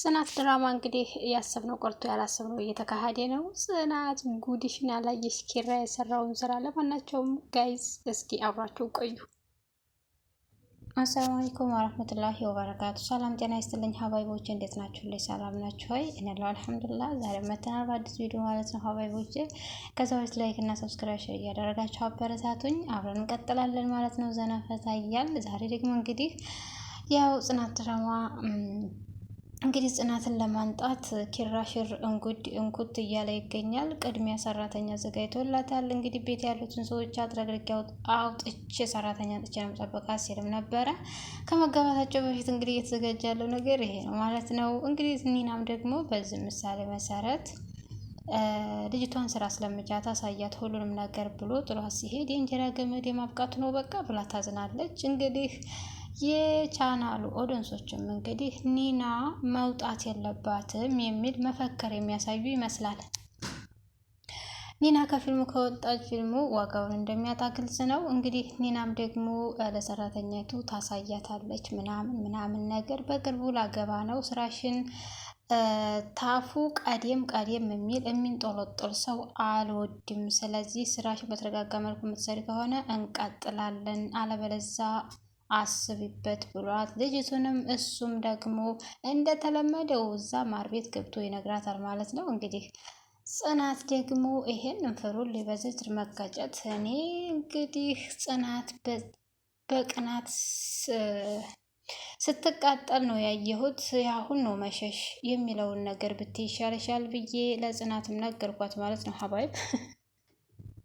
ጽናት ድራማ እንግዲህ ያሰብነው ቆርቶ ያላሰብነው እየተካሄደ ነው። ጽናት ጉዲሽን ያላየሽ ኪራ የሰራውን ስራ ለማናቸውም ጋይዝ እስኪ አብራችሁ ቆዩ። አሰላሙ አለይኩም ወረህመቱላሂ ወበረካቱ። ሰላም ጤና ይስጥልኝ ሀባይቦቼ፣ እንዴት ናችሁልኝ? ሰላም ናችሁ ሆይ? እኔ አለሁ አልሐምዱሊላህ። ዛሬ መተናል በአዲስ ቪዲዮ ማለት ነው ሀባይቦቼ። ከዛ በፊት ላይክ እና ሰብስክራይብ እያደረጋችሁ አበረታቱኝ። አብረን እንቀጥላለን ማለት ነው ዘና ፈታ እያል ዛሬ ደግሞ እንግዲህ ያው ጽናት ድራማ እንግዲህ ጽናትን ለማንጣት ኪራሽር እንጉድ እንኩት እያለ ይገኛል። ቅድሚያ ሰራተኛ ዘጋጅቶላታል እንግዲህ ቤት ያሉትን ሰዎች አጥረግርጌ አውጥቼ ሰራተኛ አጥቼ ለመጠበቅ ሲልም ነበረ። ከመጋባታቸው በፊት እንግዲህ እየተዘጋጀ ያለው ነገር ይሄ ነው ማለት ነው። እንግዲህ ኒናም ደግሞ በዚህ ምሳሌ መሰረት ልጅቷን ስራ አስለምጃት አሳያት ሁሉንም ነገር ብሎ ጥሏት ሲሄድ የእንጀራ ገመድ የማብቃቱ ነው በቃ ብላ ታዝናለች እንግዲህ የቻናሉ ኦዲየንሶችም እንግዲህ ኒና መውጣት የለባትም የሚል መፈክር የሚያሳዩ ይመስላል። ኒና ከፊልሙ ከወጣች ፊልሙ ዋጋውን እንደሚያጣ ግልጽ ነው። እንግዲህ ኒናም ደግሞ ለሰራተኛቱ ታሳያታለች ምናምን ምናምን ነገር በቅርቡ ላገባ ነው ስራሽን ታፉ ቀዴም ቀዴም የሚል የሚንጦለጦል ሰው አልወድም። ስለዚህ ስራሽ በተረጋጋ መልኩ የምትሰሪ ከሆነ እንቀጥላለን፣ አለበለዛ አስቢበት ብሏት ልጅቱንም እሱም ደግሞ እንደተለመደው እዛ ማር ቤት ገብቶ ይነግራታል ማለት ነው። እንግዲህ ጽናት ደግሞ ይሄን ፍሩን ሊበዝድር መጋጨት እኔ እንግዲህ ጽናት በቅናት ስትቃጠል ነው ያየሁት። አሁን ነው መሸሽ የሚለውን ነገር ብትይሻልሻል ብዬ ለጽናትም ነገርኳት ማለት ነው ሀባይብ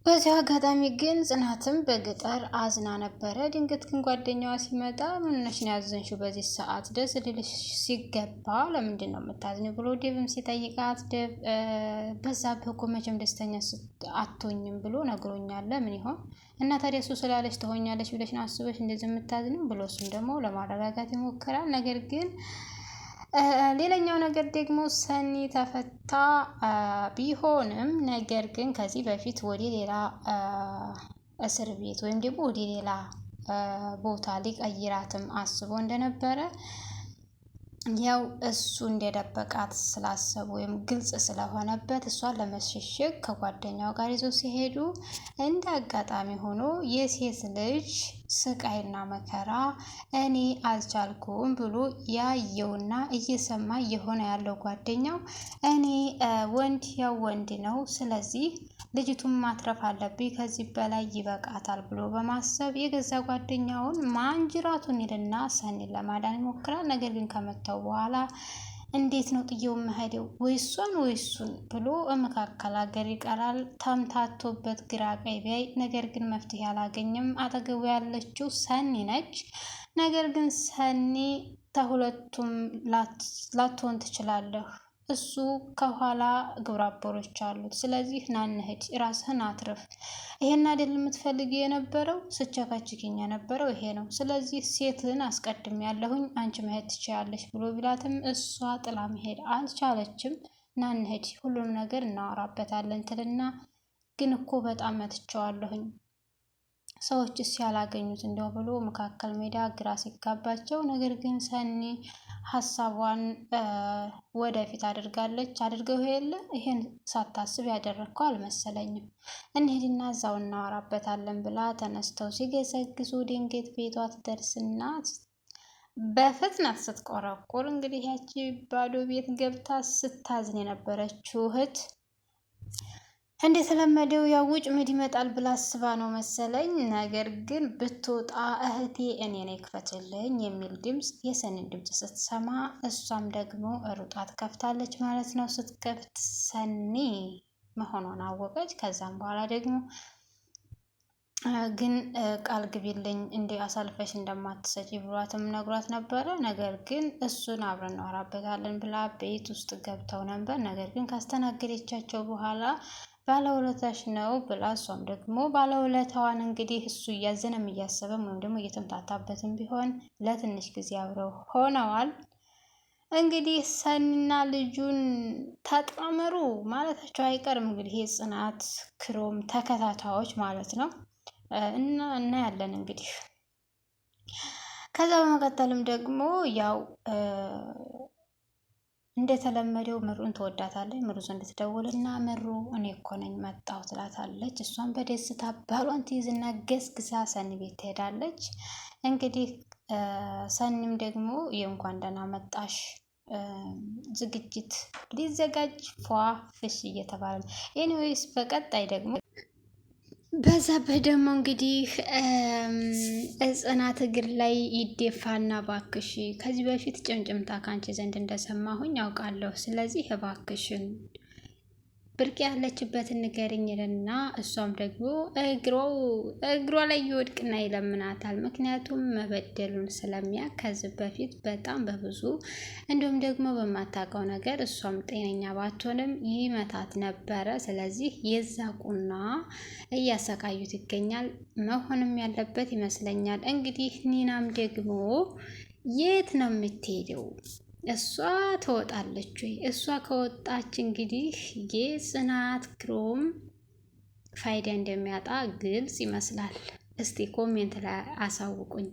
በዚህ አጋጣሚ ግን ጽናትም በገጠር አዝና ነበረ። ድንገት ግን ጓደኛዋ ሲመጣ ምንነሽ ነው ያዘንሽው በዚህ ሰዓት ደስ ልልሽ ሲገባ ለምንድን ነው የምታዝኝ ብሎ ደብም ሲጠይቃት ደብ በዛ እኮ መቼም ደስተኛ አትሆኝም ብሎ ነግሮኛል። ለምን ይሆን እና ታዲያ እሱ ስላለች ትሆኛለች ብለሽ ነው አስበሽ እንደዚህ የምታዝኝ ብሎ እሱም ደግሞ ለማረጋጋት ይሞክራል። ነገር ግን ሌላኛው ነገር ደግሞ ሰኒ ተፈታ ቢሆንም ነገር ግን ከዚህ በፊት ወደ ሌላ እስር ቤት ወይም ደግሞ ወደ ሌላ ቦታ ሊቀይራትም አስቦ እንደነበረ ያው እሱ እንደደበቃት ስላሰቡ ወይም ግልጽ ስለሆነበት እሷን ለመሸሸግ ከጓደኛው ጋር ይዞ ሲሄዱ እንደ አጋጣሚ ሆኖ የሴት ልጅ ስቃይና መከራ እኔ አልቻልኩም ብሎ ያየውና እየሰማ እየሆነ ያለው ጓደኛው እኔ ወንድ ያው ወንድ ነው፣ ስለዚህ ልጅቱን ማትረፍ አለብኝ ከዚህ በላይ ይበቃታል ብሎ በማሰብ የገዛ ጓደኛውን ማንጅራቱን ይልና ሰኒን ለማዳን ይሞክራል። ነገር ግን ከመታው በኋላ እንዴት ነው ጥየው መሄደው ወይሷን ወይሱን ብሎ መካከል ሀገር ይቀራል። ተምታቶበት ግራ ቀይ ቢያይ፣ ነገር ግን መፍትሄ አላገኝም። አጠገቡ ያለችው ሰኒ ነች። ነገር ግን ሰኒ ተሁለቱም ላትሆን ትችላለህ እሱ ከኋላ ግብረ አሉት። ስለዚህ ናንህድ ራስህን አትርፍ። ይሄን አይደል የምትፈልግ የነበረው ስቸካችኪኝ የነበረው ይሄ ነው። ስለዚህ ሴትን አስቀድም ያለሁኝ አንቺ መሄድ ትችያለሽ ብሎ ቢላትም እሷ ጥላ መሄድ አልቻለችም። ናንህድ ሁሉንም ነገር እናወራበታለን ትልና ግን እኮ በጣም መትቸዋለሁኝ እስ ያላገኙት እንደው ብሎ መካከል ሜዳ ግራ ሲጋባቸው፣ ነገር ግን ሰኒ ሀሳቧን ወደፊት አድርጋለች። አድርገው የለ ይሄን ሳታስብ ያደረግከው አልመሰለኝም፣ እንሄድና እዛው እናወራበታለን ብላ ተነስተው ሲገሰግሱ ድንገት ቤቷ ትደርስና በፍጥነት ስትቆረቁር እንግዲህ ያቺ ባዶ ቤት ገብታ ስታዝን የነበረችው እህት እንደተለመደው ያው ውጭ ምድ ይመጣል ብላ አስባ ነው መሰለኝ። ነገር ግን ብትወጣ እህቴ እኔ ነኝ ክፈትልኝ የሚል ድምፅ የሰኒን ድምፅ ስትሰማ እሷም ደግሞ ሩጣ ትከፍታለች ማለት ነው። ስትከፍት ሰኒ መሆኗን አወቀች። ከዛም በኋላ ደግሞ ግን ቃል ግቢልኝ እንደ አሳልፈሽ እንደማትሰጪ ብሏትም ነግሯት ነበረ። ነገር ግን እሱን አብረን እናወራበታለን ብላ ቤት ውስጥ ገብተው ነበር። ነገር ግን ካስተናገደቻቸው በኋላ ባለውለታሽ ነው ብላ እሷም ደግሞ ባለውለታዋን እንግዲህ እሱ እያዘነም እያሰበም ወይም ደግሞ እየተምታታበትም ቢሆን ለትንሽ ጊዜ አብረው ሆነዋል። እንግዲህ ሰኒና ልጁን ተጣመሩ ማለታቸው አይቀርም። እንግዲህ የጽናት ክሮም ተከታታዮች ማለት ነው እና እናያለን እንግዲህ ከዛ በመቀጠልም ደግሞ ያው እንደተለመደው ምሩን ትወዳታለች። ምሩ ዘንድ ትደውልና ምሩ እኔ እኮ ነኝ መጣሁ ትላታለች። እሷን በደስታ ባሏን ትይዝና ገስግሳ ሰኒ ቤት ትሄዳለች። እንግዲህ ሰኒም ደግሞ የእንኳን ደህና መጣሽ ዝግጅት ሊዘጋጅ ፏ ፍሽ እየተባለ ነው። ኤኒዌይስ በቀጣይ ደግሞ በዛብህ ደግሞ እንግዲህ እጽናት እግር ላይ ይደፋና ባክሽ ከዚህ በፊት ጭምጭምታ ካንቺ ዘንድ እንደሰማሁኝ ያውቃለሁ። ስለዚህ እባክሽን ብርቅ ያለችበትን ንገርኝ ይልና እሷም ደግሞ እግሮ እግሯ ላይ ይወድቅና ይለምናታል። ምክንያቱም መበደሉን ስለሚያ ከዚህ በፊት በጣም በብዙ እንዲሁም ደግሞ በማታውቀው ነገር እሷም ጤነኛ ባትሆንም ይመታት ነበረ። ስለዚህ የዛቁና እያሰቃዩት ይገኛል። መሆንም ያለበት ይመስለኛል። እንግዲህ ኒናም ደግሞ የት ነው የምትሄደው? እሷ ትወጣለች ወይ? እሷ ከወጣች እንግዲህ የጽናት ክሮም ፋይዳ እንደሚያጣ ግልጽ ይመስላል። እስቲ ኮሜንት ላይ አሳውቁኝ።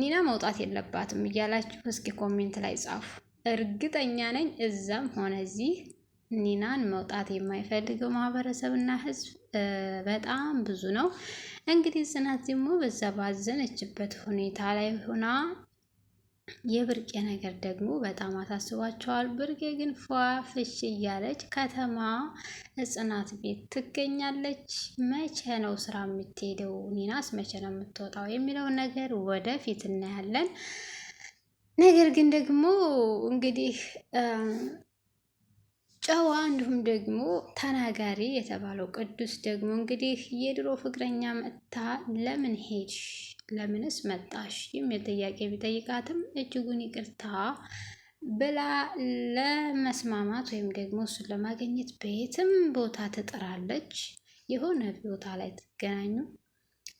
ኒና መውጣት የለባትም እያላችሁ እስኪ ኮሜንት ላይ ጻፉ። እርግጠኛ ነኝ እዛም ሆነ እዚህ ኒናን መውጣት የማይፈልገው ማህበረሰብና ህዝብ በጣም ብዙ ነው። እንግዲህ ጽናት ደግሞ በዛ ባዘነችበት ሁኔታ ላይ ሆና የብርቄ ነገር ደግሞ በጣም አሳስባቸዋል ብርቄ ግን ፍሽ እያለች ከተማ ጽናት ቤት ትገኛለች። መቼ ነው ስራ የምትሄደው? ኒናስ መቼ ነው የምትወጣው? የሚለውን ነገር ወደፊት እናያለን። ነገር ግን ደግሞ እንግዲህ ጨዋ እንዲሁም ደግሞ ተናጋሪ የተባለው ቅዱስ ደግሞ እንግዲህ የድሮ ፍቅረኛ መጥታ ለምን ሄድሽ ለምንስ መጣሽ የሚል ጥያቄ ቢጠይቃትም እጅጉን ይቅርታ ብላ ለመስማማት ወይም ደግሞ እሱን ለማግኘት በየትም ቦታ ትጥራለች። የሆነ ቦታ ላይ ትገናኙ።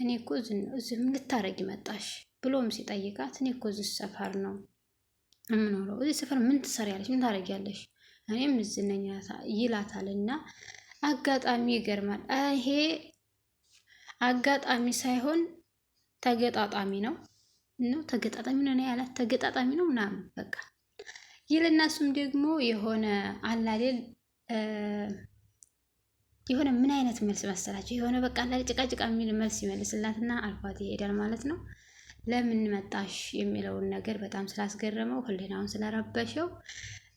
እኔ እኮ እዚህ ምን ልታረጊ መጣሽ ብሎም ሲጠይቃት እኔ እኮ እዚህ ሰፈር ነው የምኖረው። እዚህ ሰፈር ምን ትሰሪያለሽ? ምን ታረጊያለሽ? እኔም ዝነኛ ይላታል። እና አጋጣሚ ይገርማል። ይሄ አጋጣሚ ሳይሆን ተገጣጣሚ ነው ነው ተገጣጣሚ ነው ያላት ተገጣጣሚ ነው ምናምን በቃ ይልና እሱም ደግሞ የሆነ አላሌል የሆነ ምን አይነት መልስ መሰላቸው የሆነ በቃ አላሌል ጭቃጭቃ የሚል መልስ ይመልስላትና አልፏት ይሄዳል ማለት ነው። ለምን መጣሽ የሚለውን ነገር በጣም ስላስገረመው ሕሊናውን ስለረበሸው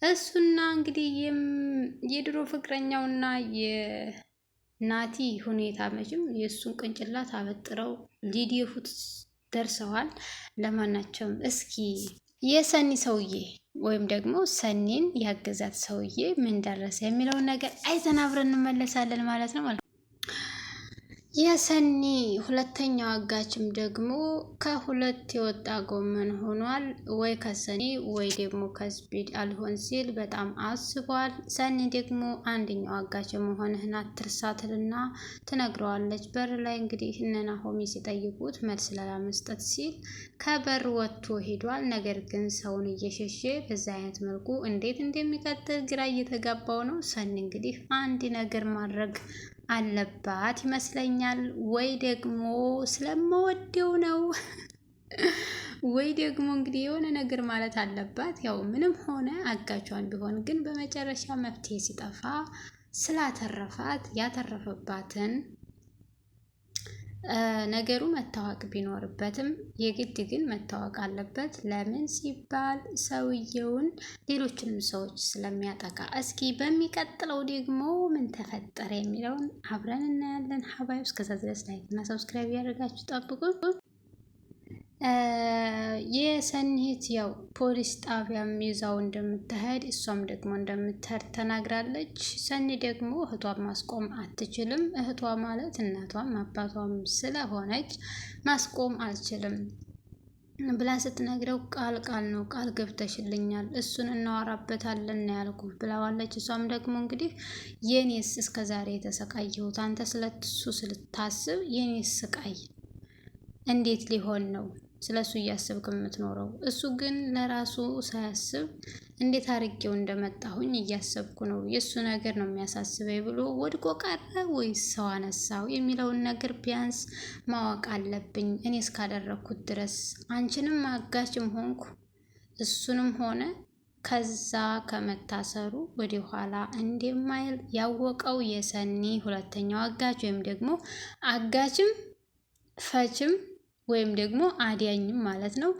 እሱና እንግዲህ የድሮ ፍቅረኛውና የናቲ ሁኔታ መቼም የእሱን ቅንጭላት አበጥረው ሊደፉት ደርሰዋል። ለማናቸውም እስኪ የሰኒ ሰውዬ ወይም ደግሞ ሰኒን ያገዛት ሰውዬ ምን ደረሰ የሚለውን ነገር አይተን አብረን እንመለሳለን ማለት ነው። የሰኒ ሁለተኛው አጋችም ደግሞ ከሁለት የወጣ ጎመን ሆኗል። ወይ ከሰኒ ወይ ደግሞ ከስፒድ አልሆን ሲል በጣም አስቧል። ሰኒ ደግሞ አንደኛው አጋች መሆንህን አትርሳትልና ትነግረዋለች። በር ላይ እንግዲህ እነ ናሆሚ ሲጠይቁት መልስ ላለመስጠት ሲል ከበር ወጥቶ ሄዷል። ነገር ግን ሰውን እየሸሸ በዛ አይነት መልኩ እንዴት እንደሚቀጥል ግራ እየተጋባው ነው። ሰኒ እንግዲህ አንድ ነገር ማድረግ አለባት ይመስለኛል። ወይ ደግሞ ስለምወደው ነው ወይ ደግሞ እንግዲህ የሆነ ነገር ማለት አለባት። ያው ምንም ሆነ አጋቿን ቢሆን ግን በመጨረሻ መፍትሄ ሲጠፋ ስላተረፋት ያተረፈባትን ነገሩ መታወቅ ቢኖርበትም የግድ ግን መታወቅ አለበት። ለምን ሲባል ሰውየውን ሌሎችንም ሰዎች ስለሚያጠቃ። እስኪ በሚቀጥለው ደግሞ ምን ተፈጠረ የሚለውን አብረን እናያለን። ሀባይ እስከዛ ድረስ ላይክ እና ሰብስክራይብ ያደርጋችሁ ጠብቁ። የሰኒት ያው ፖሊስ ጣቢያም ይዛው እንደምትሄድ እሷም ደግሞ እንደምትሄድ ተናግራለች። ሰኒ ደግሞ እህቷን ማስቆም አትችልም። እህቷ ማለት እናቷም አባቷም ስለሆነች ማስቆም አልችልም ብላ ስትነግረው ቃል ቃል ነው ቃል ገብተሽልኛል፣ እሱን እናወራበታለን ያልኩ ብለዋለች። እሷም ደግሞ እንግዲህ የኔስ እስከዛሬ የተሰቃየሁት አንተ ስለሱ ስልታስብ የኔስ ስቃይ እንዴት ሊሆን ነው ስለ እሱ እያሰብክ የምትኖረው። እሱ ግን ለራሱ ሳያስብ እንዴት አርጌው እንደመጣሁኝ እያሰብኩ ነው፣ የእሱ ነገር ነው የሚያሳስበኝ ብሎ ወድቆ ቀረ ወይስ ሰው አነሳው የሚለውን ነገር ቢያንስ ማወቅ አለብኝ። እኔ እስካደረግኩት ድረስ አንቺንም አጋችም ሆንኩ እሱንም ሆነ ከዛ ከመታሰሩ ወደ ኋላ እንደማይል ያወቀው የሰኒ ሁለተኛው አጋች ወይም ደግሞ አጋችም ፈችም ወይም ደግሞ አዳኝም ማለት ነው።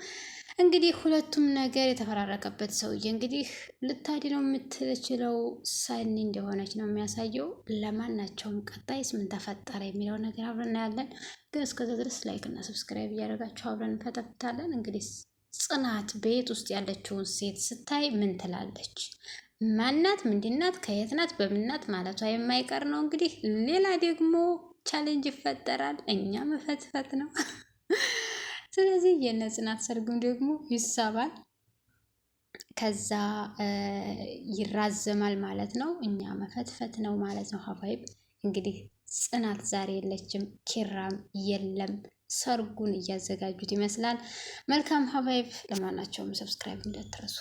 እንግዲህ ሁለቱም ነገር የተፈራረቀበት ሰውዬ እንግዲህ ልታድነው የምትችለው ሰኒ እንደሆነች ነው የሚያሳየው። ለማናቸውም ቀጣይስ ምን ተፈጠረ የሚለው ነገር አብረን እናያለን። ግን እስከዛ ድረስ ላይክ እና ሰብስክራይብ እያደረጋችሁ አብረን እንፈተፍታለን። እንግዲህ ጽናት ቤት ውስጥ ያለችውን ሴት ስታይ ምን ትላለች? ማናት? ምንድናት? ከየትናት? በምናት ማለቷ የማይቀር ነው። እንግዲህ ሌላ ደግሞ ቻሌንጅ ይፈጠራል። እኛ መፈትፈት ነው ስለዚህ የነ ጽናት ሰርጉም ደግሞ ይሳባል፣ ከዛ ይራዘማል ማለት ነው። እኛ መፈትፈት ነው ማለት ነው። ሀባይብ እንግዲህ ጽናት ዛሬ የለችም፣ ኪራም የለም። ሰርጉን እያዘጋጁት ይመስላል። መልካም ሀባይብ። ለማናቸውም ሰብስክራይብ እንዳትረሱ።